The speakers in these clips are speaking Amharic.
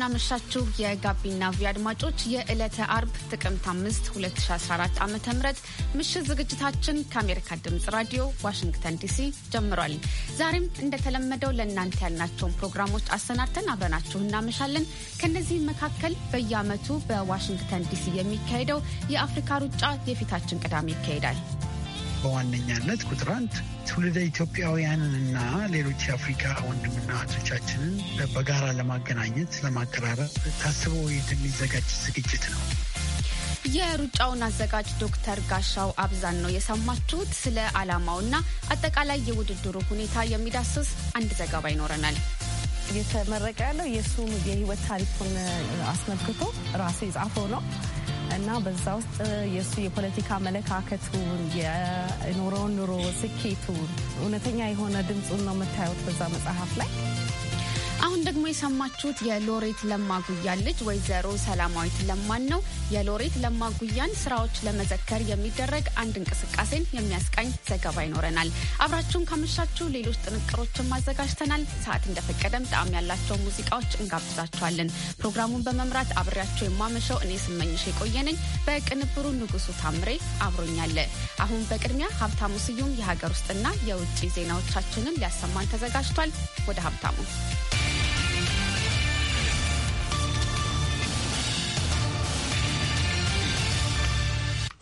እንደምናመሻችሁ የጋቢና ቪ አድማጮች የዕለተ አርብ ጥቅምት 5 2014 ዓ ም ምሽት ዝግጅታችን ከአሜሪካ ድምፅ ራዲዮ ዋሽንግተን ዲሲ ጀምሯል። ዛሬም እንደተለመደው ለእናንተ ያልናቸውን ፕሮግራሞች አሰናድተን አብረናችሁ እናመሻለን። ከእነዚህም መካከል በየዓመቱ በዋሽንግተን ዲሲ የሚካሄደው የአፍሪካ ሩጫ የፊታችን ቅዳሜ ይካሄዳል። በዋነኛነት ቁጥር አንድ ትውልደ ኢትዮጵያውያንንና ሌሎች የአፍሪካ ወንድምና እህቶቻችንን በጋራ ለማገናኘት ለማቀራረብ ታስቦ የሚዘጋጅ ዝግጅት ነው። የሩጫውን አዘጋጅ ዶክተር ጋሻው አብዛን ነው የሰማችሁት። ስለ ዓላማውና አጠቃላይ የውድድሩ ሁኔታ የሚዳስስ አንድ ዘገባ ይኖረናል። እየተመረቀ ያለው የእሱ የህይወት ታሪኩን አስመልክቶ ራሴ ጻፈው ነው እና በዛ ውስጥ የእሱ የፖለቲካ አመለካከቱን የኖረውን ኑሮ ስኬቱን እውነተኛ የሆነ ድምፁን ነው የምታዩት በዛ መጽሐፍ ላይ አሁን ደግሞ የሰማችሁት የሎሬት ለማጉያ ልጅ ወይዘሮ ሰላማዊት ለማን ነው። የሎሬት ለማጉያን ስራዎች ለመዘከር የሚደረግ አንድ እንቅስቃሴን የሚያስቃኝ ዘገባ ይኖረናል። አብራችሁን ካመሻችሁ ሌሎች ጥንቅሮችን አዘጋጅተናል። ሰዓት እንደፈቀደም ጣዕም ያላቸው ሙዚቃዎች እንጋብዛችኋለን። ፕሮግራሙን በመምራት አብሬያቸው የማመሸው እኔ ስመኝሽ የቆየነኝ፣ በቅንብሩ ንጉሱ ታምሬ አብሮኛለ። አሁን በቅድሚያ ሀብታሙ ስዩም የሀገር ውስጥና የውጭ ዜናዎቻችንን ሊያሰማን ተዘጋጅቷል። ወደ ሀብታሙ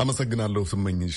አመሰግናለሁ ስመኝሽ።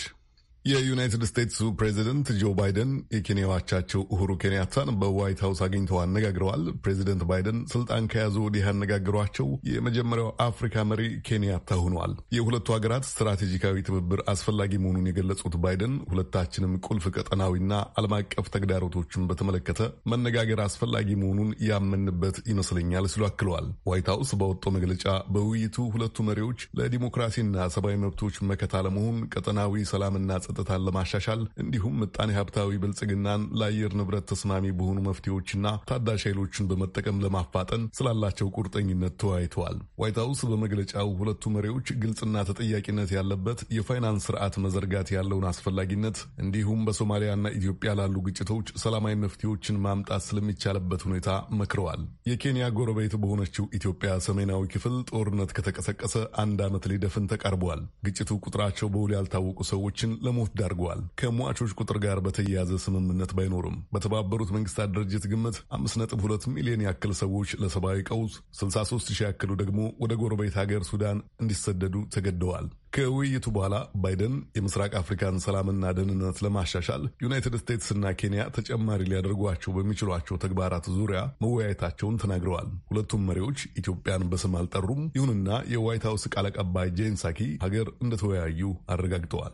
የዩናይትድ ስቴትሱ ፕሬዚደንት ጆ ባይደን የኬንያ አቻቸው ኡሁሩ ኬንያታን በዋይት ሀውስ አግኝተው አነጋግረዋል። ፕሬዚደንት ባይደን ስልጣን ከያዙ ወዲህ ያነጋግሯቸው የመጀመሪያው አፍሪካ መሪ ኬንያታ ሆኗል። የሁለቱ ሀገራት ስትራቴጂካዊ ትብብር አስፈላጊ መሆኑን የገለጹት ባይደን ሁለታችንም ቁልፍ ቀጠናዊና ዓለም አቀፍ ተግዳሮቶችን በተመለከተ መነጋገር አስፈላጊ መሆኑን ያመንበት ይመስለኛል ሲሉ አክለዋል። ዋይት ሀውስ ባወጣው መግለጫ በውይይቱ ሁለቱ መሪዎች ለዲሞክራሲና ሰብአዊ መብቶች መከታ ለመሆን ቀጠናዊ ሰላምና ጸጥታን ለማሻሻል እንዲሁም ምጣኔ ሀብታዊ ብልጽግናን ለአየር ንብረት ተስማሚ በሆኑ መፍትሄዎችና ታዳሽ ኃይሎችን በመጠቀም ለማፋጠን ስላላቸው ቁርጠኝነት ተወያይተዋል። ዋይት ሀውስ በመግለጫው ሁለቱ መሪዎች ግልጽና ተጠያቂነት ያለበት የፋይናንስ ስርዓት መዘርጋት ያለውን አስፈላጊነት እንዲሁም በሶማሊያና ኢትዮጵያ ላሉ ግጭቶች ሰላማዊ መፍትሄዎችን ማምጣት ስለሚቻልበት ሁኔታ መክረዋል። የኬንያ ጎረቤት በሆነችው ኢትዮጵያ ሰሜናዊ ክፍል ጦርነት ከተቀሰቀሰ አንድ ዓመት ሊደፍን ተቃርበዋል። ግጭቱ ቁጥራቸው በውል ያልታወቁ ሰዎችን ለመ ለሞት ዳርገዋል። ከሟቾች ቁጥር ጋር በተያያዘ ስምምነት ባይኖርም በተባበሩት መንግስታት ድርጅት ግምት 5.2 ሚሊዮን ያክል ሰዎች ለሰብአዊ ቀውስ፣ 63 ሺህ ያክሉ ደግሞ ወደ ጎረቤት ሀገር ሱዳን እንዲሰደዱ ተገደዋል። ከውይይቱ በኋላ ባይደን የምስራቅ አፍሪካን ሰላምና ደህንነት ለማሻሻል ዩናይትድ እና ኬንያ ተጨማሪ ሊያደርጓቸው በሚችሏቸው ተግባራት ዙሪያ መወያየታቸውን ተናግረዋል። ሁለቱም መሪዎች ኢትዮጵያን በስም አልጠሩም። ይሁንና የዋይት ሀውስ ቃል አቀባይ ጄን ሳኪ ሀገር እንደተወያዩ አረጋግጠዋል።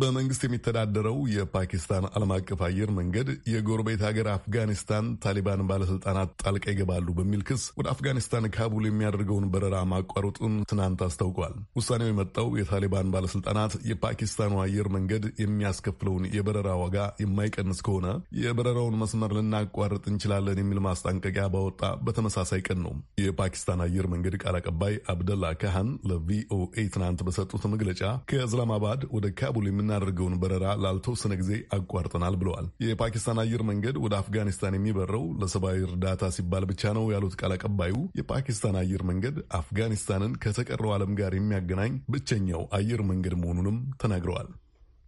በመንግስት የሚተዳደረው የፓኪስታን ዓለም አቀፍ አየር መንገድ የጎረቤት ሀገር አፍጋኒስታን ታሊባን ባለስልጣናት ጣልቃ ይገባሉ በሚል ክስ ወደ አፍጋኒስታን ካቡል የሚያደርገውን በረራ ማቋረጡን ትናንት አስታውቋል። ውሳኔው የመጣው የታሊባን ባለስልጣናት የፓኪስታኑ አየር መንገድ የሚያስከፍለውን የበረራ ዋጋ የማይቀንስ ከሆነ የበረራውን መስመር ልናቋርጥ እንችላለን የሚል ማስጠንቀቂያ ባወጣ በተመሳሳይ ቀን ነው። የፓኪስታን አየር መንገድ ቃል አቀባይ አብደላ ካህን ለቪኦኤ ትናንት በሰጡት መግለጫ ከእስላማባድ ወደ ካቡል የምናደርገውን በረራ ላልተወሰነ ጊዜ አቋርጠናል ብለዋል። የፓኪስታን አየር መንገድ ወደ አፍጋኒስታን የሚበረው ለሰብአዊ እርዳታ ሲባል ብቻ ነው ያሉት ቃል አቀባዩ የፓኪስታን አየር መንገድ አፍጋኒስታንን ከተቀረው ዓለም ጋር የሚያገናኝ ብቸኛው አየር መንገድ መሆኑንም ተናግረዋል።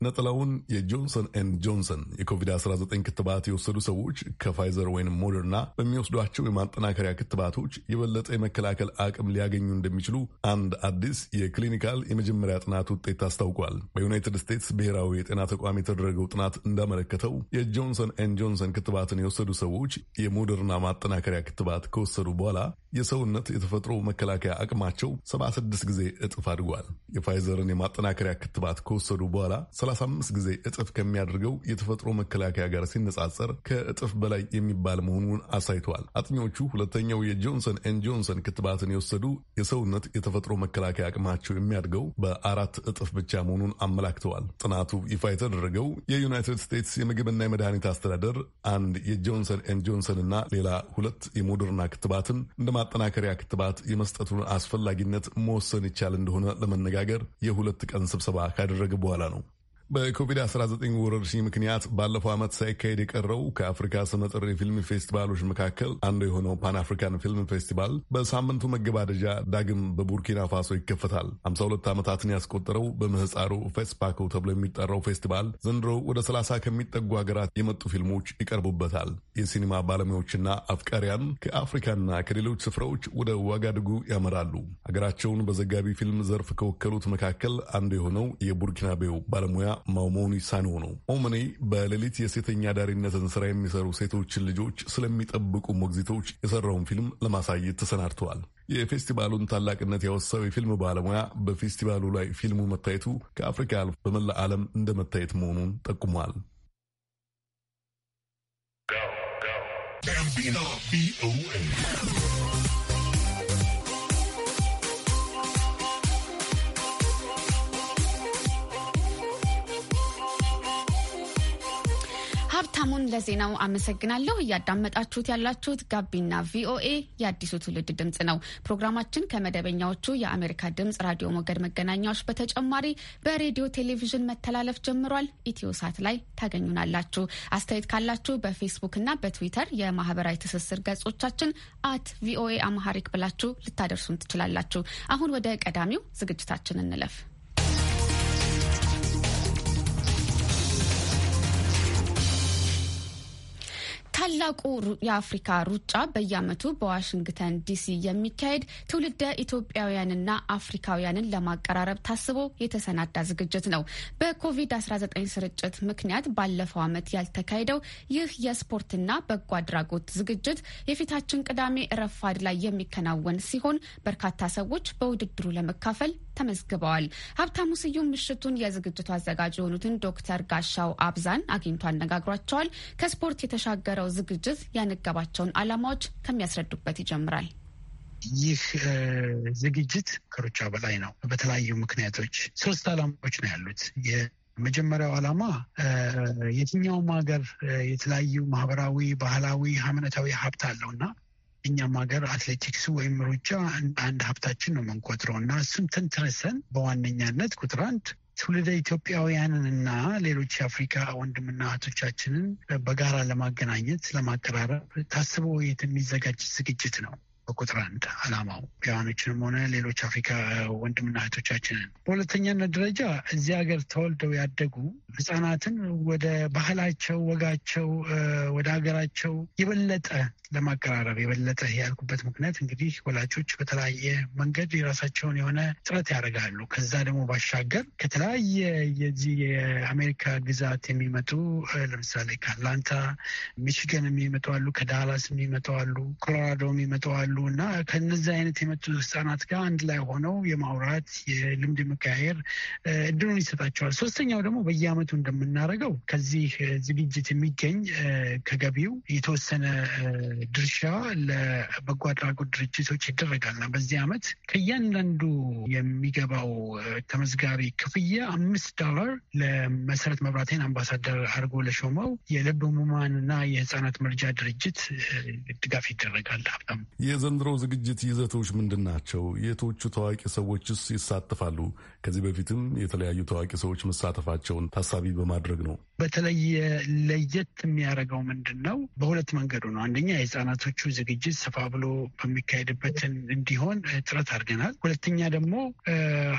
ነጠላውን የጆንሰን ኤንድ ጆንሰን የኮቪድ-19 ክትባት የወሰዱ ሰዎች ከፋይዘር ወይም ሞደርና በሚወስዷቸው የማጠናከሪያ ክትባቶች የበለጠ የመከላከል አቅም ሊያገኙ እንደሚችሉ አንድ አዲስ የክሊኒካል የመጀመሪያ ጥናት ውጤት አስታውቋል። በዩናይትድ ስቴትስ ብሔራዊ የጤና ተቋም የተደረገው ጥናት እንዳመለከተው የጆንሰን ኤንድ ጆንሰን ክትባትን የወሰዱ ሰዎች የሞደርና ማጠናከሪያ ክትባት ከወሰዱ በኋላ የሰውነት የተፈጥሮ መከላከያ አቅማቸው 76 ጊዜ እጥፍ አድጓል። የፋይዘርን የማጠናከሪያ ክትባት ከወሰዱ በኋላ 35 ጊዜ እጥፍ ከሚያደርገው የተፈጥሮ መከላከያ ጋር ሲነጻጸር ከእጥፍ በላይ የሚባል መሆኑን አሳይተዋል። አጥኚዎቹ ሁለተኛው የጆንሰን ኤን ጆንሰን ክትባትን የወሰዱ የሰውነት የተፈጥሮ መከላከያ አቅማቸው የሚያድገው በአራት እጥፍ ብቻ መሆኑን አመላክተዋል። ጥናቱ ይፋ የተደረገው የዩናይትድ ስቴትስ የምግብና የመድኃኒት አስተዳደር አንድ የጆንሰን ን ጆንሰን እና ሌላ ሁለት የሞደርና ክትባትን ማጠናከሪያ ክትባት የመስጠቱን አስፈላጊነት መወሰን ይቻል እንደሆነ ለመነጋገር የሁለት ቀን ስብሰባ ካደረገ በኋላ ነው በኮቪድ-19 ወረርሽኝ ምክንያት ባለፈው ዓመት ሳይካሄድ የቀረው ከአፍሪካ ስመጥር የፊልም ፌስቲቫሎች መካከል አንዱ የሆነው ፓን አፍሪካን ፊልም ፌስቲቫል በሳምንቱ መገባደጃ ዳግም በቡርኪና ፋሶ ይከፈታል። 52 ዓመታትን ያስቆጠረው በምህፃሩ ፌስፓኮ ተብሎ የሚጠራው ፌስቲቫል ዘንድሮ ወደ 30 ከሚጠጉ ሀገራት የመጡ ፊልሞች ይቀርቡበታል። የሲኒማ ባለሙያዎችና አፍቃሪያን ከአፍሪካና ከሌሎች ስፍራዎች ወደ ዋጋድጉ ያመራሉ። ሀገራቸውን በዘጋቢ ፊልም ዘርፍ ከወከሉት መካከል አንዱ የሆነው የቡርኪናቤው ባለሙያ ማውሞኒ ሳኖ ነው። ኦመኔ በሌሊት የሴተኛ አዳሪነትን ስራ የሚሰሩ ሴቶችን ልጆች ስለሚጠብቁ ሞግዚቶች የሰራውን ፊልም ለማሳየት ተሰናድተዋል። የፌስቲቫሉን ታላቅነት ያወሳው የፊልም ባለሙያ በፌስቲቫሉ ላይ ፊልሙ መታየቱ ከአፍሪካ አልፎ በመላ ዓለም እንደ መታየት መሆኑን ጠቁሟል። ሀብታሙን ለዜናው አመሰግናለሁ። እያዳመጣችሁት ያላችሁት ጋቢና ቪኦኤ የአዲሱ ትውልድ ድምፅ ነው። ፕሮግራማችን ከመደበኛዎቹ የአሜሪካ ድምፅ ራዲዮ ሞገድ መገናኛዎች በተጨማሪ በሬዲዮ ቴሌቪዥን መተላለፍ ጀምሯል። ኢትዮ ሳት ላይ ታገኙናላችሁ። አስተያየት ካላችሁ በፌስቡክና በትዊተር የማህበራዊ ትስስር ገጾቻችን አት ቪኦኤ አማሐሪክ ብላችሁ ልታደርሱን ትችላላችሁ። አሁን ወደ ቀዳሚው ዝግጅታችን እንለፍ። ታላቁ የአፍሪካ ሩጫ በየዓመቱ በዋሽንግተን ዲሲ የሚካሄድ ትውልደ ኢትዮጵያውያንና አፍሪካውያንን ለማቀራረብ ታስቦ የተሰናዳ ዝግጅት ነው። በኮቪድ-19 ስርጭት ምክንያት ባለፈው ዓመት ያልተካሄደው ይህ የስፖርትና በጎ አድራጎት ዝግጅት የፊታችን ቅዳሜ ረፋድ ላይ የሚከናወን ሲሆን በርካታ ሰዎች በውድድሩ ለመካፈል ተመዝግበዋል። ሀብታሙ ስዩም ምሽቱን የዝግጅቱ አዘጋጅ የሆኑትን ዶክተር ጋሻው አብዛን አግኝቶ አነጋግሯቸዋል። ከስፖርት የተሻገረው ዝግጅት ያነገባቸውን ዓላማዎች ከሚያስረዱበት ይጀምራል። ይህ ዝግጅት ከሩጫ በላይ ነው። በተለያዩ ምክንያቶች ሶስት ዓላማዎች ነው ያሉት። የመጀመሪያው ዓላማ የትኛውም ሀገር የተለያዩ ማህበራዊ፣ ባህላዊ፣ ሃይማኖታዊ ሀብት አለው እና እኛም ሀገር አትሌቲክሱ ወይም ሩጫ አንድ ሀብታችን ነው የምንቆጥረው እና እሱን ተንትረሰን በዋነኛነት ቁጥር አንድ ትውልደ ኢትዮጵያውያንን እና ሌሎች የአፍሪካ ወንድምና እህቶቻችንን በጋራ ለማገናኘት ለማቀራረብ ታስቦ የሚዘጋጅ ዝግጅት ነው። በቁጥር አንድ ቢዋኖችንም ሆነ ሌሎች አፍሪካ ወንድምና እህቶቻችንን። በሁለተኛነት ደረጃ እዚህ ሀገር ተወልደው ያደጉ ህጻናትን ወደ ባህላቸው፣ ወጋቸው፣ ወደ ሀገራቸው የበለጠ ለማቀራረብ የበለጠ ያልኩበት ምክንያት እንግዲህ ወላጆች በተለያየ መንገድ የራሳቸውን የሆነ ጥረት ያደርጋሉ። ከዛ ደግሞ ባሻገር ከተለያየ የዚህ የአሜሪካ ግዛት የሚመጡ ለምሳሌ ከአትላንታ ሚችገን የሚመጡ አሉ፣ ከዳላስ የሚመጡ አሉ፣ ኮሎራዶ የሚመጡ አሉ እና ከነዚህ አይነት የመጡ ህጻናት ጋር አንድ ላይ ሆነው የማውራት የልምድ መቀያየር እድሉን ይሰጣቸዋል። ሶስተኛው ደግሞ በየአመቱ እንደምናደርገው ከዚህ ዝግጅት የሚገኝ ከገቢው የተወሰነ ድርሻ ለበጎ አድራጎት ድርጅቶች ይደረጋልና በዚህ ዓመት ከእያንዳንዱ የሚገባው ተመዝጋቢ ክፍያ አምስት ዶላር ለመሰረት መብራቴን አምባሳደር አድርጎ ለሾመው የልብ ህሙማንና የህፃናት መርጃ ድርጅት ድጋፍ ይደረጋል። ሀብታም፣ የዘንድሮ ዝግጅት ይዘቶች ምንድን ናቸው? የቶቹ ታዋቂ ሰዎችስ ይሳተፋሉ? ከዚህ በፊትም የተለያዩ ታዋቂ ሰዎች መሳተፋቸውን ታሳቢ በማድረግ ነው። በተለየ ለየት የሚያደርገው ምንድን ነው? በሁለት መንገዱ ነው። አንደኛ የህጻናቶቹ ዝግጅት ሰፋ ብሎ በሚካሄድበትን እንዲሆን ጥረት አድርገናል። ሁለተኛ ደግሞ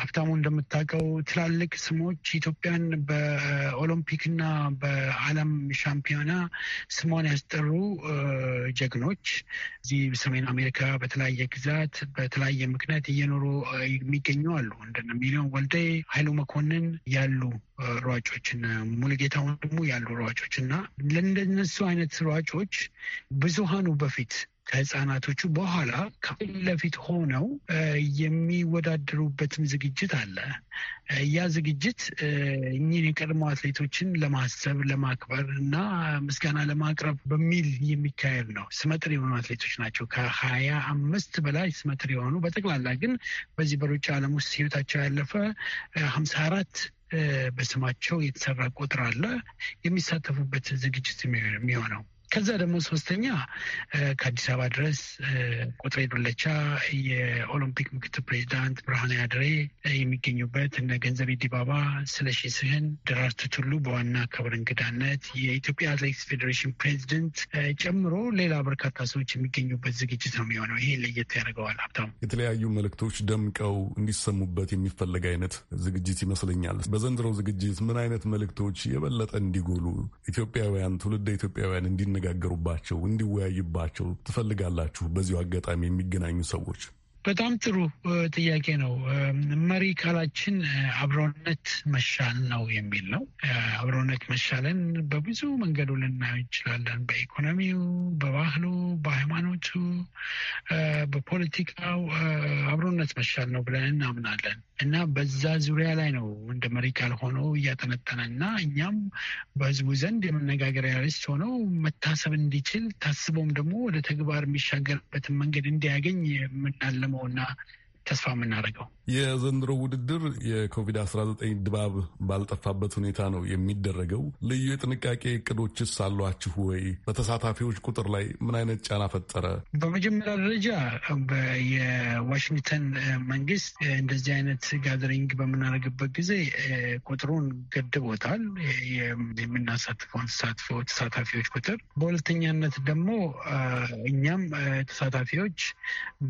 ሀብታሙ እንደምታውቀው ትላልቅ ስሞች ኢትዮጵያን በኦሎምፒክና በዓለም ሻምፒዮና ስሟን ያስጠሩ ጀግኖች እዚህ ሰሜን አሜሪካ በተለያየ ግዛት በተለያየ ምክንያት እየኖሩ የሚገኙ አሉ። እንደ ሚሊዮን ወልዴ፣ ኃይሉ መኮንን ያሉ ሯጮችና ሙሉጌታ ወንድሙ ያሉ ሯጮች እና ለእንደነሱ አይነት ሯጮች ብዙ ከህፃኑ በፊት ከህፃናቶቹ በኋላ ከፊት ለፊት ሆነው የሚወዳደሩበትም ዝግጅት አለ። ያ ዝግጅት እኚህን የቀድሞ አትሌቶችን ለማሰብ ለማክበር እና ምስጋና ለማቅረብ በሚል የሚካሄድ ነው። ስመጥር የሆኑ አትሌቶች ናቸው። ከሀያ አምስት በላይ ስመጥር የሆኑ በጠቅላላ ግን በዚህ በሩጫ ዓለም ውስጥ ህይወታቸው ያለፈ ሀምሳ አራት በስማቸው የተሰራ ቁጥር አለ የሚሳተፉበት ዝግጅት የሚሆነው ከዛ ደግሞ ሶስተኛ ከአዲስ አበባ ድረስ ቁጥሬ ዱለቻ፣ የኦሎምፒክ ምክትል ፕሬዚዳንት ብርሃነ አድሬ የሚገኙበት እነ ገንዘቤ ዲባባ፣ ስለሺ ስህን፣ ደራርቱ ቱሉ በዋና ክብር እንግዳነት የኢትዮጵያ አትሌቲክስ ፌዴሬሽን ፕሬዚደንት ጨምሮ ሌላ በርካታ ሰዎች የሚገኙበት ዝግጅት ነው የሚሆነው። ይሄ ለየት ያደርገዋል። ሀብታሙ፣ የተለያዩ መልእክቶች ደምቀው እንዲሰሙበት የሚፈለግ አይነት ዝግጅት ይመስለኛል። በዘንድሮው ዝግጅት ምን አይነት መልእክቶች የበለጠ እንዲጎሉ ኢትዮጵያውያን ትውልደ ኢትዮጵያውያን እንዲነ እንዲነጋገሩባቸው፣ እንዲወያዩባቸው ትፈልጋላችሁ? በዚሁ አጋጣሚ የሚገናኙ ሰዎች በጣም ጥሩ ጥያቄ ነው። መሪ ቃላችን አብሮነት መሻል ነው የሚል ነው። አብሮነት መሻልን በብዙ መንገዱ ልናየው እንችላለን። በኢኮኖሚው፣ በባህሉ፣ በሃይማኖቱ፣ በፖለቲካው አብሮነት መሻል ነው ብለን እናምናለን እና በዛ ዙሪያ ላይ ነው እንደ መሪ ቃል ሆኖ እያጠነጠነ እና እኛም በህዝቡ ዘንድ የመነጋገሪያ ርዕስ ሆነው መታሰብ እንዲችል ታስቦም ደግሞ ወደ ተግባር የሚሻገርበትን መንገድ እንዲያገኝ የምናለ namo na ተስፋ የምናደርገው። የዘንድሮ ውድድር የኮቪድ-19 ድባብ ባልጠፋበት ሁኔታ ነው የሚደረገው። ልዩ የጥንቃቄ እቅዶችስ አሏችሁ ወይ? በተሳታፊዎች ቁጥር ላይ ምን አይነት ጫና ፈጠረ? በመጀመሪያ ደረጃ የዋሽንግተን መንግስት እንደዚህ አይነት ጋዘሪንግ በምናደርግበት ጊዜ ቁጥሩን ገድቦታል፣ የምናሳትፈውን ተሳትፎ ተሳታፊዎች ቁጥር። በሁለተኛነት ደግሞ እኛም ተሳታፊዎች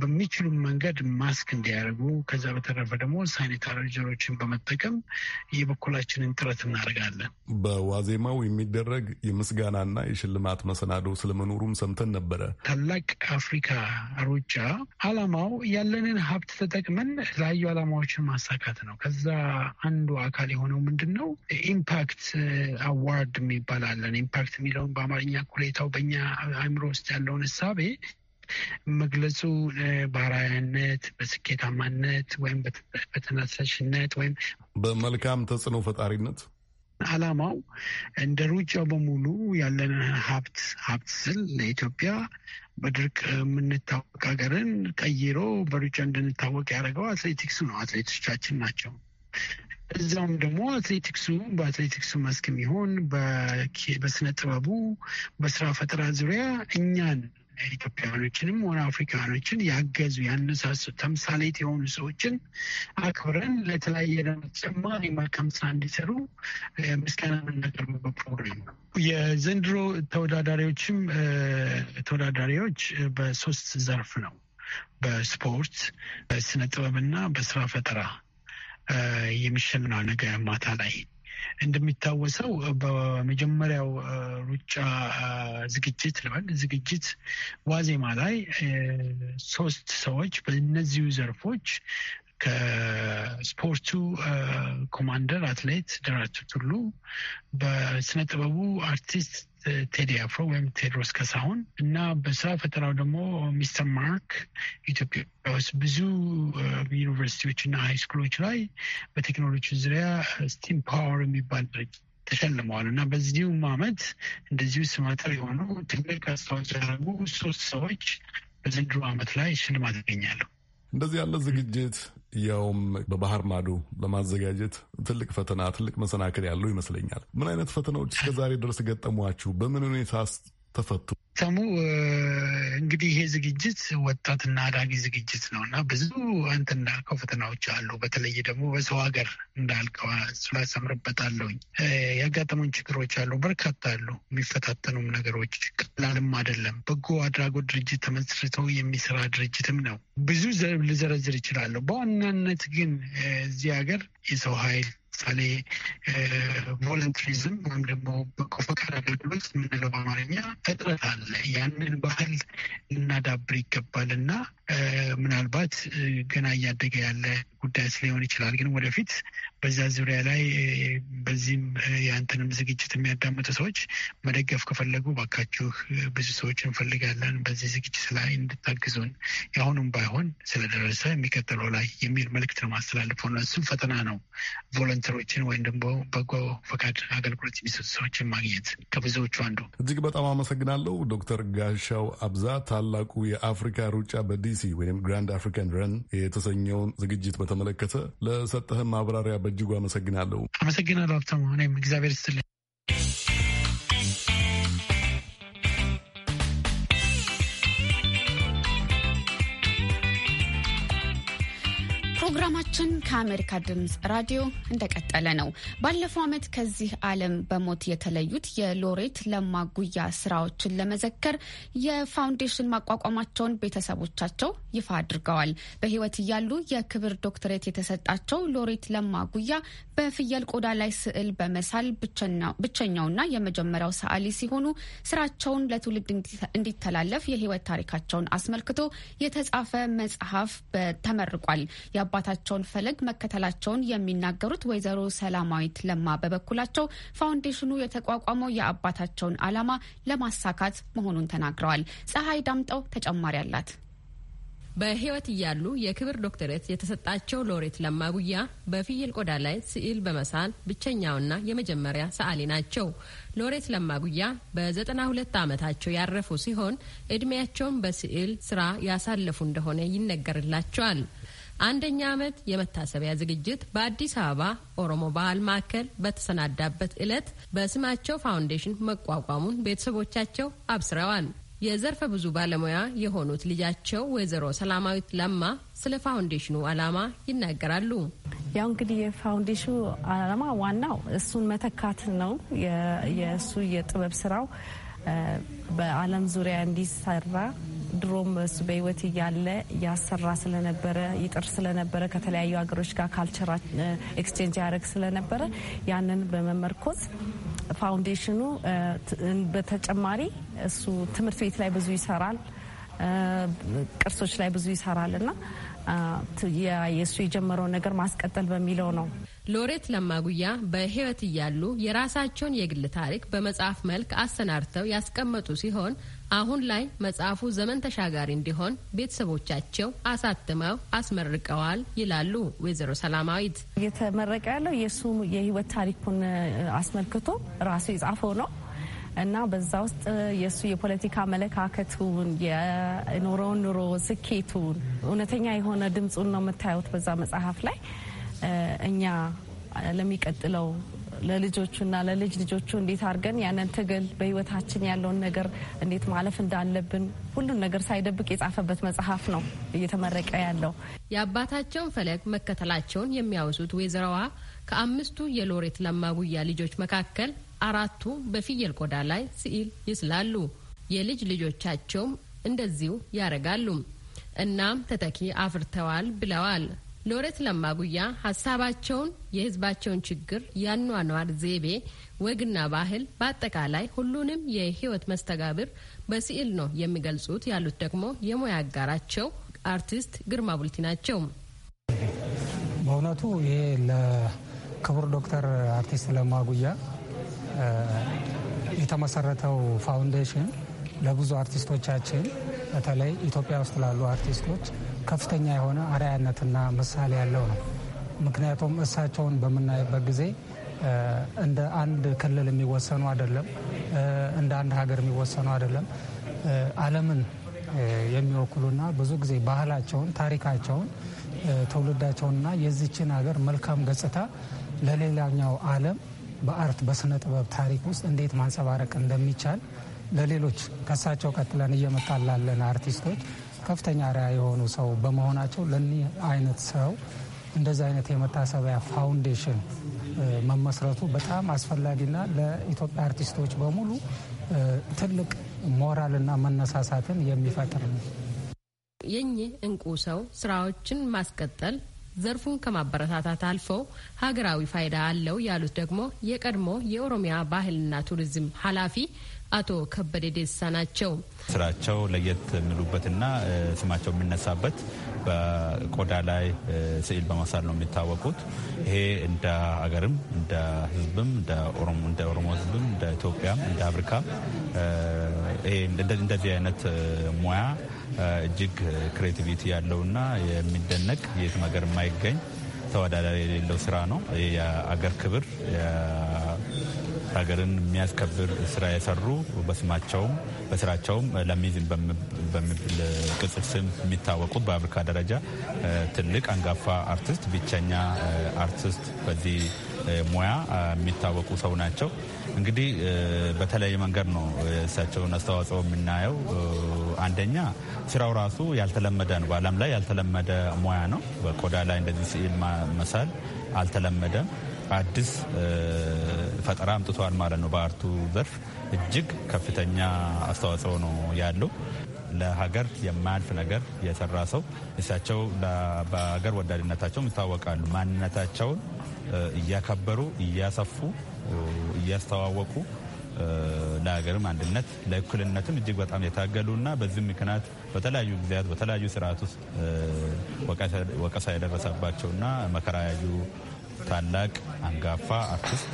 በሚችሉ መንገድ ማስክ እንዲ እንዲያደርጉ ከዛ በተረፈ ደግሞ ሳኒታይዘሮችን በመጠቀም የበኩላችንን ጥረት እናደርጋለን። በዋዜማው የሚደረግ የምስጋናና የሽልማት መሰናዶ ስለመኖሩም ሰምተን ነበረ። ታላቅ አፍሪካ ሩጫ አላማው ያለንን ሀብት ተጠቅመን የተለያዩ ዓላማዎችን ማሳካት ነው። ከዛ አንዱ አካል የሆነው ምንድን ነው? ኢምፓክት አዋርድ የሚባል አለን። ኢምፓክት የሚለውን በአማርኛ ኩሌታው በኛ አእምሮ ውስጥ ያለውን እሳቤ መግለጹ በአርአያነት፣ በስኬታማነት ወይም በተነሳሽነት ወይም በመልካም ተጽዕኖ ፈጣሪነት ዓላማው እንደ ሩጫው በሙሉ ያለን ሀብት ሀብት ስል ለኢትዮጵያ በድርቅ የምንታወቅ ሀገርን ቀይሮ በሩጫ እንድንታወቅ ያደረገው አትሌቲክሱ ነው። አትሌቶቻችን ናቸው። እዚያውም ደግሞ አትሌቲክሱ በአትሌቲክሱ መስክ የሚሆን በስነ ጥበቡ፣ በስራ ፈጠራ ዙሪያ እኛን ኢትዮጵያኖችንም ሆነ አፍሪካኖችን ያገዙ ያነሳሱ ተምሳሌት የሆኑ ሰዎችን አክብረን ለተለያየ ጨማሪ መልካም ስራ እንዲሰሩ ምስጋና የምናቀርብበት ፕሮግራም ነው። የዘንድሮ ተወዳዳሪዎችም ተወዳዳሪዎች በሶስት ዘርፍ ነው። በስፖርት፣ በስነ ጥበብና በስራ ፈጠራ የሚሸልናል ነገ ማታ ላይ እንደሚታወሰው በመጀመሪያው ሩጫ ዝግጅት ልበል ዝግጅት ዋዜማ ላይ ሶስት ሰዎች በእነዚሁ ዘርፎች ከስፖርቱ ኮማንደር አትሌት ደራርቱ ቱሉ፣ በስነ ጥበቡ አርቲስት ቴዲ አፍሮ ወይም ቴዎድሮስ ከሳሁን እና በስራ ፈጠራው ደግሞ ሚስተር ማርክ ኢትዮጵያ ውስጥ ብዙ ዩኒቨርሲቲዎች እና ሃይስኩሎች ላይ በቴክኖሎጂ ዙሪያ ስቲም ፓወር የሚባል ድርጅት ተሸልመዋል እና በዚሁም ዓመት እንደዚሁ ስማተር የሆኑ ትልቅ አስተዋጽኦ ያደረጉ ሶስት ሰዎች በዘንድሮ ዓመት ላይ ሽልማት ያገኛሉ። እንደዚህ ያለ ዝግጅት ያውም በባህር ማዶ ለማዘጋጀት ትልቅ ፈተና፣ ትልቅ መሰናክል ያለው ይመስለኛል። ምን አይነት ፈተናዎች እስከዛሬ ድረስ ገጠሟችሁ? በምን ሁኔታ ተፈቱ። ሰሙ እንግዲህ ይሄ ዝግጅት ወጣትና አዳጊ ዝግጅት ነው እና ብዙ አንተ እንዳልከው ፈተናዎች አሉ። በተለይ ደግሞ በሰው ሀገር እንዳልከው እሱ ላይ ሰምርበታለሁኝ። ያጋጠሙን ችግሮች አሉ፣ በርካታ አሉ። የሚፈታተኑም ነገሮች ቀላልም አይደለም። በጎ አድራጎት ድርጅት ተመስርተው የሚሰራ ድርጅትም ነው። ብዙ ልዘረዝር ይችላለሁ። በዋናነት ግን እዚህ ሀገር የሰው ኃይል ለምሳሌ ቮለንትሪዝም ወይም ደግሞ በጎ ፈቃድ አገልግሎት የምንለው በአማርኛ እጥረት አለ። ያንን ባህል ልናዳብር ይገባል እና ምናልባት ገና እያደገ ያለ ጉዳይ ስለሆን ይችላል። ግን ወደፊት በዛ ዙሪያ ላይ በዚህም የአንተንም ዝግጅት የሚያዳምጡ ሰዎች መደገፍ ከፈለጉ ባካችሁ ብዙ ሰዎች እንፈልጋለን በዚህ ዝግጅት ላይ እንድታግዙን የአሁኑም ባይሆን ስለደረሰ የሚቀጥለው ላይ የሚል መልእክት ነው ማስተላልፈው ነው። እሱም ፈተና ነው። ቮለንተሮችን ወይም ደግሞ በጎ ፈቃድ አገልግሎት የሚሰጡ ሰዎችን ማግኘት ከብዙዎቹ አንዱ። እጅግ በጣም አመሰግናለሁ ዶክተር ጋሻው አብዛ ታላቁ የአፍሪካ ሩጫ በዲ ጂሲ ወይም ግራንድ አፍሪካን ረን የተሰኘውን ዝግጅት በተመለከተ ለሰጠህን ማብራሪያ በእጅጉ አመሰግናለሁ። አመሰግናለሁ ሀብታሙ። እኔም እግዚአብሔር ይስጥልኝ። ፕሮግራማችን ከአሜሪካ ድምፅ ራዲዮ እንደቀጠለ ነው። ባለፈው ዓመት ከዚህ ዓለም በሞት የተለዩት የሎሬት ለማ ጉያ ስራዎችን ለመዘከር የፋውንዴሽን ማቋቋማቸውን ቤተሰቦቻቸው ይፋ አድርገዋል። በሕይወት እያሉ የክብር ዶክትሬት የተሰጣቸው ሎሬት ለማ ጉያ በፍየል ቆዳ ላይ ስዕል በመሳል ብቸኛውና የመጀመሪያው ሰዓሊ ሲሆኑ ስራቸውን ለትውልድ እንዲተላለፍ የሕይወት ታሪካቸውን አስመልክቶ የተጻፈ መጽሐፍ ተመርቋል። የአባታቸውን ፈለግ መከተላቸውን የሚናገሩት ወይዘሮ ሰላማዊት ለማ በበኩላቸው ፋውንዴሽኑ የተቋቋመው የአባታቸውን ዓላማ ለማሳካት መሆኑን ተናግረዋል። ፀሐይ ዳምጠው ተጨማሪ አላት። በህይወት እያሉ የክብር ዶክተሬት የተሰጣቸው ሎሬት ለማ ጉያ በፍየል ቆዳ ላይ ስዕል በመሳል ብቸኛውና የመጀመሪያ ሰዓሊ ናቸው። ሎሬት ለማ ጉያ በዘጠና ሁለት ዓመታቸው ያረፉ ሲሆን እድሜያቸውን በስዕል ስራ ያሳለፉ እንደሆነ ይነገርላቸዋል። አንደኛ ዓመት የመታሰቢያ ዝግጅት በአዲስ አበባ ኦሮሞ ባህል ማዕከል በተሰናዳበት ዕለት በስማቸው ፋውንዴሽን መቋቋሙን ቤተሰቦቻቸው አብስረዋል። የዘርፈ ብዙ ባለሙያ የሆኑት ልጃቸው ወይዘሮ ሰላማዊት ለማ ስለ ፋውንዴሽኑ ዓላማ ይናገራሉ። ያው እንግዲህ የፋውንዴሽኑ ዓላማ ዋናው እሱን መተካት ነው። የእሱ የጥበብ ስራው በዓለም ዙሪያ እንዲሰራ ድሮም እሱ በህይወት እያለ ያሰራ ስለነበረ ይጥር ስለነበረ ከተለያዩ ሀገሮች ጋር ካልቸራ ኤክስቼንጅ ያደረግ ስለነበረ ያንን በመመርኮዝ ፋውንዴሽኑ በተጨማሪ እሱ ትምህርት ቤት ላይ ብዙ ይሰራል፣ ቅርሶች ላይ ብዙ ይሰራል እና የእሱ የጀመረውን ነገር ማስቀጠል በሚለው ነው ሎሬት ለማጉያ በህይወት እያሉ የራሳቸውን የግል ታሪክ በመጽሐፍ መልክ አሰናድተው ያስቀመጡ ሲሆን አሁን ላይ መጽሐፉ ዘመን ተሻጋሪ እንዲሆን ቤተሰቦቻቸው አሳትመው አስመርቀዋል ይላሉ ወይዘሮ ሰላማዊት። እየተመረቀ ያለው የእሱ የህይወት ታሪኩን አስመልክቶ ራሱ የጻፈው ነው እና በዛ ውስጥ የእሱ የፖለቲካ አመለካከቱን የኖረውን ኑሮ ስኬቱን እውነተኛ የሆነ ድምፁን ነው የምታዩት በዛ መጽሐፍ ላይ እኛ ለሚቀጥለው ለልጆቹና ለልጅ ልጆቹ እንዴት አድርገን ያንን ትግል በህይወታችን ያለውን ነገር እንዴት ማለፍ እንዳለብን ሁሉን ነገር ሳይደብቅ የጻፈበት መጽሐፍ ነው እየተመረቀ ያለው። የአባታቸውን ፈለግ መከተላቸውን የሚያወሱት ወይዘሮዋ ከአምስቱ የሎሬት ለማጉያ ልጆች መካከል አራቱ በፍየል ቆዳ ላይ ስዕል ይስላሉ። የልጅ ልጆቻቸውም እንደዚሁ ያደርጋሉ። እናም ተተኪ አፍርተዋል ብለዋል። ሎሬት ለማጉያ ሀሳባቸውን የህዝባቸውን ችግር፣ ያኗኗር ዘይቤ፣ ወግና ባህል፣ በአጠቃላይ ሁሉንም የህይወት መስተጋብር በስዕል ነው የሚገልጹት ያሉት ደግሞ የሙያ አጋራቸው አርቲስት ግርማ ቡልቲ ናቸው። በእውነቱ ይሄ ለክቡር ዶክተር አርቲስት ለማጉያ የተመሰረተው ፋውንዴሽን ለብዙ አርቲስቶቻችን በተለይ ኢትዮጵያ ውስጥ ላሉ አርቲስቶች ከፍተኛ የሆነ አርአያነትና ምሳሌ ያለው ነው። ምክንያቱም እሳቸውን በምናይበት ጊዜ እንደ አንድ ክልል የሚወሰኑ አይደለም፣ እንደ አንድ ሀገር የሚወሰኑ አይደለም። ዓለምን የሚወክሉና ብዙ ጊዜ ባህላቸውን፣ ታሪካቸውን፣ ትውልዳቸውንና የዚችን ሀገር መልካም ገጽታ ለሌላኛው ዓለም በአርት በስነ ጥበብ ታሪክ ውስጥ እንዴት ማንጸባረቅ እንደሚቻል ለሌሎች ከሳቸው ቀጥለን እየመጣላለን አርቲስቶች ከፍተኛ ራዕይ የሆኑ ሰው በመሆናቸው ለኒህ አይነት ሰው እንደዚህ አይነት የመታሰቢያ ፋውንዴሽን መመስረቱ በጣም አስፈላጊና ለኢትዮጵያ አርቲስቶች በሙሉ ትልቅ ሞራልና መነሳሳትን የሚፈጥር ነው። የኚህ እንቁ ሰው ስራዎችን ማስቀጠል ዘርፉን ከማበረታታት አልፈው ሀገራዊ ፋይዳ አለው ያሉት ደግሞ የቀድሞ የኦሮሚያ ባህልና ቱሪዝም ኃላፊ አቶ ከበደ ደሳ ናቸው። ስራቸው ለየት የሚሉበትና ስማቸው የሚነሳበት በቆዳ ላይ ስዕል በማሳል ነው የሚታወቁት። ይሄ እንደ ሀገርም እንደ ህዝብም እንደ ኦሮሞ ህዝብም እንደ ኢትዮጵያም እንደ አፍሪካ እንደዚህ አይነት ሙያ እጅግ ክሬቲቪቲ ያለውና የሚደነቅ የትም ሀገር የማይገኝ ተወዳዳሪ የሌለው ስራ ነው። የአገር ክብር ሀገርን የሚያስከብር ስራ የሰሩ በስማቸውም በስራቸውም ለሚዝ በሚል ቅጽል ስም የሚታወቁት በአፍሪካ ደረጃ ትልቅ አንጋፋ አርቲስት፣ ብቸኛ አርቲስት በዚህ ሙያ የሚታወቁ ሰው ናቸው። እንግዲህ በተለያየ መንገድ ነው የእሳቸውን አስተዋጽኦ የምናየው። አንደኛ ስራው ራሱ ያልተለመደ ነው። በዓለም ላይ ያልተለመደ ሙያ ነው። በቆዳ ላይ እንደዚህ ስዕል መሳል አልተለመደም። አዲስ ፈጠራ አምጥቷል ማለት ነው። በአርቱ ዘርፍ እጅግ ከፍተኛ አስተዋጽኦ ነው ያለው። ለሀገር የማያልፍ ነገር የሰራ ሰው እሳቸው በሀገር ወዳድነታቸውም ይታወቃሉ። ማንነታቸውን እያከበሩ እያሰፉ እያስተዋወቁ ለሀገርም አንድነት ለእኩልነትም እጅግ በጣም የታገሉና በዚህ ምክንያት በተለያዩ ጊዜያት በተለያዩ ስርዓት ውስጥ ወቀሳ የደረሰባቸውና መከራ ያዩ ታላቅ አንጋፋ አርቲስት፣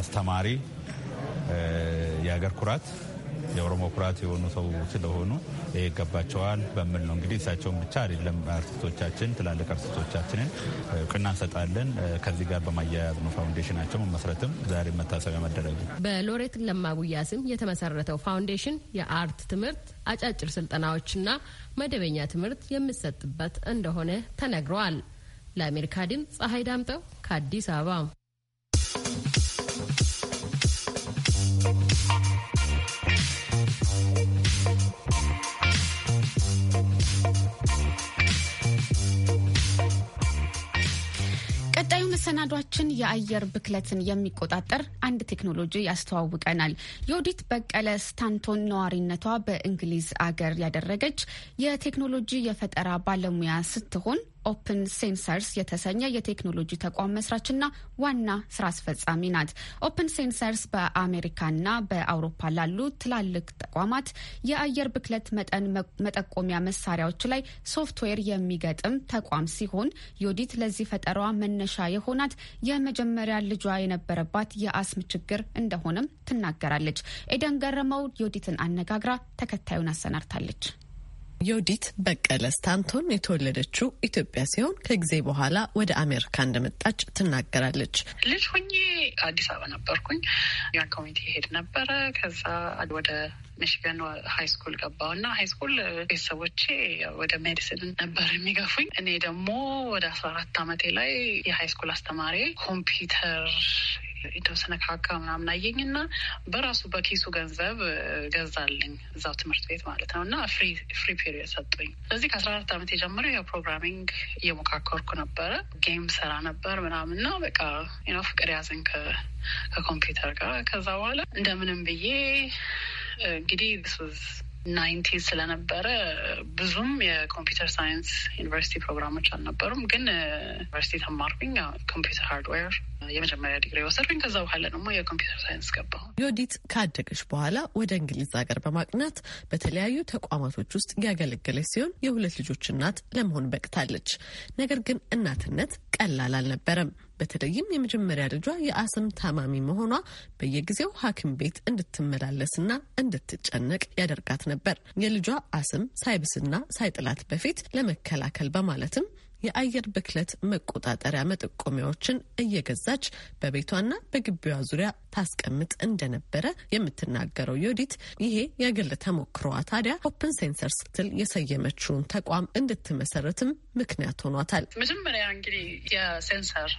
አስተማሪ፣ የሀገር ኩራት፣ የኦሮሞ ኩራት የሆኑ ሰው ስለሆኑ ይገባቸዋል በሚል ነው እንግዲህ እሳቸውን ብቻ አይደለም አርቲስቶቻችን ትላልቅ አርቲስቶቻችንን እውቅና እንሰጣለን። ከዚህ ጋር በማያያዝ ነው ፋውንዴሽናቸው መመስረትም ዛሬ መታሰቢያ መደረጉ። በሎሬት ለማጉያ ስም የተመሰረተው ፋውንዴሽን የአርት ትምህርት አጫጭር ስልጠናዎችና መደበኛ ትምህርት የሚሰጥበት እንደሆነ ተነግረዋል። ለአሜሪካ ድምፅ ፀሐይ ዳምጠው ከአዲስ አበባ። መሰናዷችን የአየር ብክለትን የሚቆጣጠር አንድ ቴክኖሎጂ ያስተዋውቀናል። የኦዲት በቀለ ስታንቶን ነዋሪነቷ በእንግሊዝ አገር ያደረገች የቴክኖሎጂ የፈጠራ ባለሙያ ስትሆን ኦፕን ሴንሰርስ የተሰኘ የቴክኖሎጂ ተቋም መስራችና ዋና ስራ አስፈጻሚ ናት። ኦፕን ሴንሰርስ በአሜሪካና በአውሮፓ ላሉ ትላልቅ ተቋማት የአየር ብክለት መጠን መጠቆሚያ መሳሪያዎች ላይ ሶፍትዌር የሚገጥም ተቋም ሲሆን ዮዲት ለዚህ ፈጠሯ መነሻ የሆናት የመጀመሪያ ልጇ የነበረባት የአስም ችግር እንደሆነም ትናገራለች። ኤደን ገረመው ዮዲትን አነጋግራ ተከታዩን አሰናድታለች። ዮዲት በቀለ ስታንቶን የተወለደችው ኢትዮጵያ ሲሆን ከጊዜ በኋላ ወደ አሜሪካ እንደመጣች ትናገራለች። ልጅ ሁኜ አዲስ አበባ ነበርኩኝ። ያ ኮሚቴ ሄድ ነበረ። ከዛ ወደ ሚሽገን ሀይ ስኩል ገባው እና ሀይ ስኩል ቤተሰቦቼ ወደ ሜዲሲን ነበር የሚገፉኝ። እኔ ደግሞ ወደ አስራ አራት አመቴ ላይ የሀይ ስኩል አስተማሪ ኮምፒውተር የተወሰነካካ ምናምን አየኝና በራሱ በኪሱ ገንዘብ ገዛልኝ እዛው ትምህርት ቤት ማለት ነው እና ፍሪ ፔሪዮድ ሰጡኝ። ስለዚህ ከአስራ አራት ዓመት የጀመረው ፕሮግራሚንግ እየሞካከርኩ ነበረ። ጌም ሰራ ነበር ምናምን እና በቃ ነው ፍቅር ያዘኝ ከኮምፒውተር ጋር። ከዛ በኋላ እንደምንም ብዬ እንግዲህ ናይንቲን ስለነበረ ብዙም የኮምፒውተር ሳይንስ ዩኒቨርሲቲ ፕሮግራሞች አልነበሩም። ግን ዩኒቨርሲቲ ተማርኩኝ ኮምፒውተር ሃርድዌር የመጀመሪያ ዲግሪ ወሰድኩኝ። ከዛ በኋላ ደግሞ የኮምፒውተር ሳይንስ ገባሁ። ዮዲት ካደገች በኋላ ወደ እንግሊዝ ሀገር በማቅናት በተለያዩ ተቋማቶች ውስጥ ያገለገለች ሲሆን የሁለት ልጆች እናት ለመሆን በቅታለች። ነገር ግን እናትነት ቀላል አልነበረም። በተለይም የመጀመሪያ ልጇ የአስም ታማሚ መሆኗ በየጊዜው ሐኪም ቤት እንድትመላለስና እንድትጨነቅ ያደርጋት ነበር። የልጇ አስም ሳይብስና ሳይጥላት በፊት ለመከላከል በማለትም የአየር ብክለት መቆጣጠሪያ መጠቆሚያዎችን እየገዛች በቤቷና በግቢዋ ዙሪያ ታስቀምጥ እንደነበረ የምትናገረው ዮዲት ይሄ የግል ተሞክሯ ታዲያ ኦፕን ሴንሰር ስትል የሰየመችውን ተቋም እንድትመሰረትም ምክንያት ሆኗታል። መጀመሪያ እንግዲህ የሴንሰር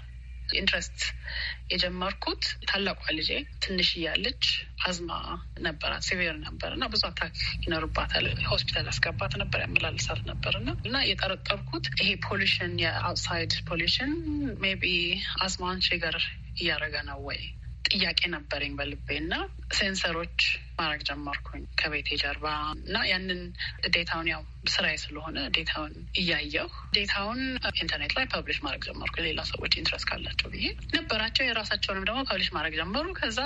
ኢንትረስት የጀመርኩት ታላቋ ልጄ ትንሽ እያለች አዝማ ነበራት፣ ሲቪር ነበር እና ብዙ አታክ ይኖርባታል። ሆስፒታል ያስገባት ነበር፣ ያመላልሳት ነበር እና እና የጠረጠርኩት ይሄ ፖሊሽን፣ የአውትሳይድ ፖሊሽን ሜቢ አዝማን ሽገር እያደረገ ነው ወይ ጥያቄ ነበረኝ በልቤ እና ሴንሰሮች ማድረግ ጀመርኩኝ ከቤቴ ጀርባ እና ያንን ዴታውን ያው ስራዬ ስለሆነ ዴታውን እያየሁ ዴታውን ኢንተርኔት ላይ ፐብሊሽ ማድረግ ጀመርኩ። ሌላ ሰዎች ኢንትረስት ካላቸው ብዬ ነበራቸው። የራሳቸውንም ደግሞ ፐብሊሽ ማድረግ ጀመሩ። ከዛ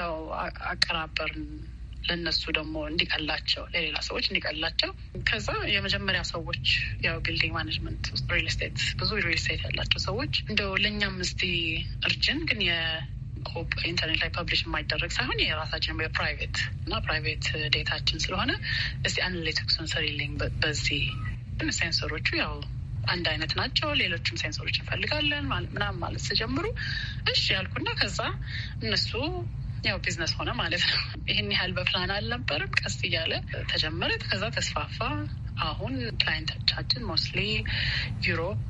ያው አቀራበርን ለእነሱ ደግሞ እንዲቀላቸው ለሌላ ሰዎች እንዲቀላቸው። ከዛ የመጀመሪያ ሰዎች ያው ቢልዲንግ ማኔጅመንት ሪል ስቴት ብዙ ሪል ስቴት ያላቸው ሰዎች እንደው ለእኛም እስቲ እርጅን ግን ኢንተርኔት ላይ ፐብሊሽ የማይደረግ ሳይሆን የራሳችን የፕራይቬት እና ፕራይቬት ዴታችን ስለሆነ እስቲ አናሊቲክሱን ስሪልኝ በዚህ ሴንሰሮቹ ያው አንድ አይነት ናቸው። ሌሎችም ሴንሰሮች እንፈልጋለን ምናምን ማለት ስጀምሩ እሺ ያልኩና ከዛ እነሱ ያው ቢዝነስ ሆነ ማለት ነው። ይህን ያህል በፕላን አልነበርም። ቀስ እያለ ተጀመረ። ከዛ ተስፋፋ። አሁን ክላይንቶቻችን ሞስሊ ዩሮፕ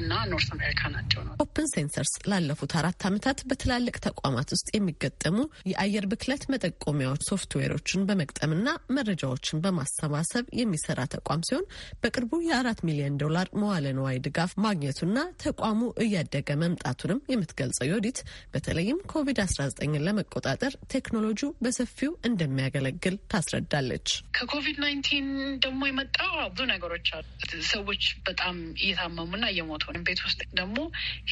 እና ኖርስ አሜሪካ ናቸው ነው። ኦፕን ሴንሰርስ ላለፉት አራት ዓመታት በትላልቅ ተቋማት ውስጥ የሚገጠሙ የአየር ብክለት መጠቆሚያዎች ሶፍትዌሮችን በመግጠምና መረጃዎችን በማሰባሰብ የሚሰራ ተቋም ሲሆን በቅርቡ የአራት ሚሊዮን ዶላር መዋለ ንዋይ ድጋፍ ማግኘቱና ተቋሙ እያደገ መምጣቱንም የምትገልጸው ዮዲት በተለይም ኮቪድ-19ን ለመቆጣጠር ቴክኖሎጂው በሰፊው እንደሚያገለግል ታስረዳለች። ከኮቪድ-19 ደግሞ የመጣ ብዙ ነገሮች አሉ። ሰዎች በጣም እየታመሙ እየታመሙና እየሞቱ ነው። ቤት ውስጥ ደግሞ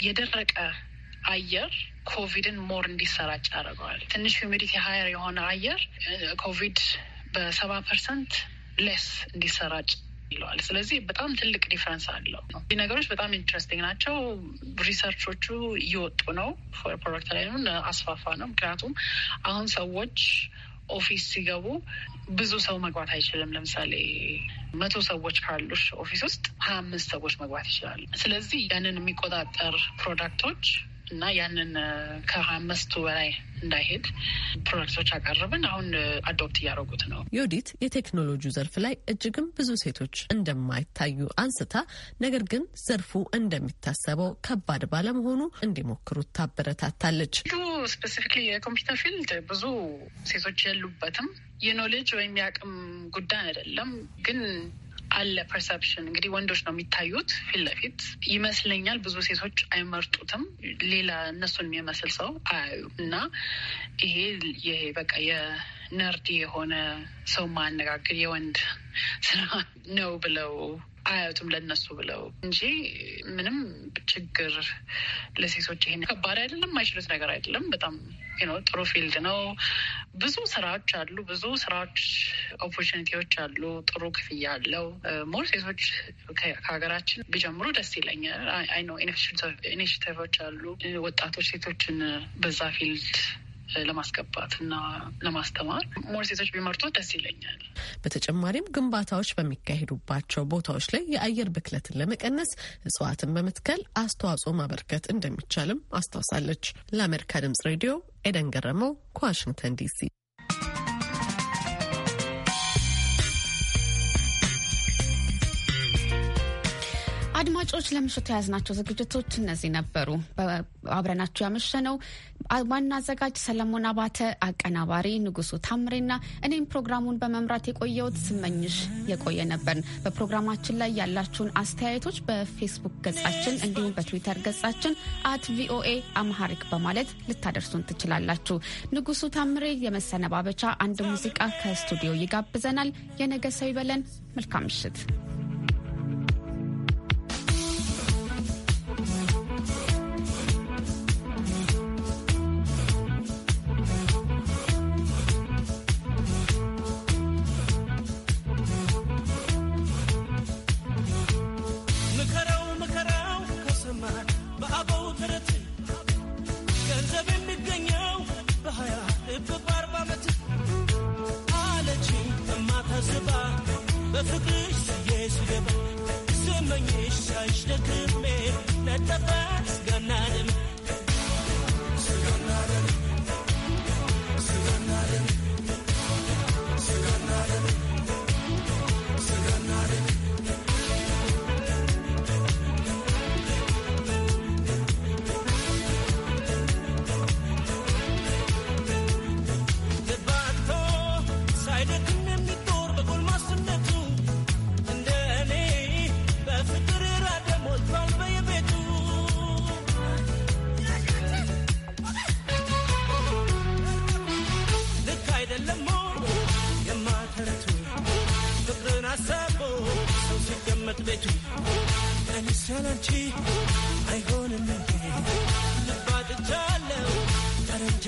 የደረቀ አየር ኮቪድን ሞር እንዲሰራጭ ያደርገዋል። ትንሽ ሂሚዲቲ ሀየር የሆነ አየር ኮቪድ በሰባ ፐርሰንት ሌስ እንዲሰራጭ ይለዋል። ስለዚህ በጣም ትልቅ ዲፍረንስ አለው። ይህ ነገሮች በጣም ኢንትረስቲንግ ናቸው። ሪሰርቾቹ እየወጡ ነው። ፎር ፕሮዳክት ላይ አስፋፋ ነው። ምክንያቱም አሁን ሰዎች ኦፊስ ሲገቡ ብዙ ሰው መግባት አይችልም። ለምሳሌ መቶ ሰዎች ካሉሽ ኦፊስ ውስጥ ሀያ አምስት ሰዎች መግባት ይችላሉ። ስለዚህ ያንን የሚቆጣጠር ፕሮዳክቶች እና ያንን ከአምስቱ በላይ እንዳይሄድ ፕሮጀክቶች አቀርብን። አሁን አዶፕት እያደረጉት ነው። ዮዲት የቴክኖሎጂው ዘርፍ ላይ እጅግም ብዙ ሴቶች እንደማይታዩ አንስታ፣ ነገር ግን ዘርፉ እንደሚታሰበው ከባድ ባለመሆኑ እንዲሞክሩት ታበረታታለች። ስፔሲፊክሊ የኮምፒውተር ፊልድ ብዙ ሴቶች የሉበትም። የኖሌጅ ወይም የአቅም ጉዳይ አይደለም ግን አለ ፐርሰፕሽን። እንግዲህ ወንዶች ነው የሚታዩት ፊት ለፊት ይመስለኛል። ብዙ ሴቶች አይመርጡትም። ሌላ እነሱን የሚመስል ሰው አያዩ እና ይሄ ይሄ በቃ የነርድ የሆነ ሰው ማነጋገር የወንድ ስራ ነው ብለው አያዩትም ለነሱ ብለው እንጂ ምንም ችግር ለሴቶች ይሄን ከባድ አይደለም፣ ማይችሉት ነገር አይደለም። በጣም ጥሩ ፊልድ ነው። ብዙ ስራዎች አሉ፣ ብዙ ስራዎች ኦፖርቹኒቲዎች አሉ። ጥሩ ክፍያ አለው። ሞር ሴቶች ከሀገራችን ቢጀምሩ ደስ ይለኛል። አይ ነው ኢኒሽቲቮች አሉ። ወጣቶች ሴቶችን በዛ ፊልድ ለማስገባት እና ለማስተማር ሞር ሴቶች ቢመርጡ ደስ ይለኛል። በተጨማሪም ግንባታዎች በሚካሄዱባቸው ቦታዎች ላይ የአየር ብክለትን ለመቀነስ እጽዋትን በመትከል አስተዋጽኦ ማበርከት እንደሚቻልም አስታውሳለች። ለአሜሪካ ድምጽ ሬዲዮ ኤደን ገረመው ከዋሽንግተን ዲሲ አድማጮች ለምሽቱ የያዝናቸው ዝግጅቶች እነዚህ ነበሩ። አብረናችሁ ያመሸነው ዋና አዘጋጅ ሰለሞን አባተ፣ አቀናባሪ ንጉሱ ታምሬና እኔም ፕሮግራሙን በመምራት የቆየውት ስመኝሽ የቆየ ነበርን። በፕሮግራማችን ላይ ያላችሁን አስተያየቶች በፌስቡክ ገጻችን እንዲሁም በትዊተር ገጻችን አት ቪኦኤ አምሃሪክ በማለት ልታደርሱን ትችላላችሁ። ንጉሱ ታምሬ የመሰነባበቻ አንድ ሙዚቃ ከስቱዲዮ ይጋብዘናል። የነገ ሰው ይበለን። መልካም ምሽት። በፍቅርሽ ስዬ ስገባ ስመኝሽ ሳይሽ ደግሜ ነጠፈ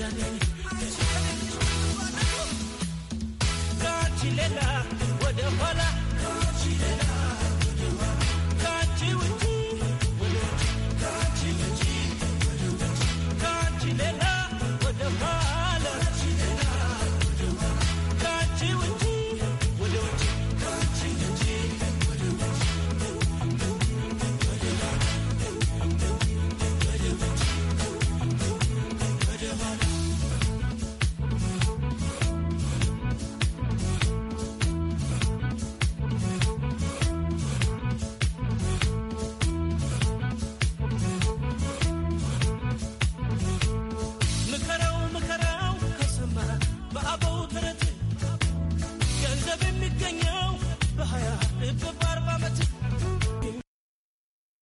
shining.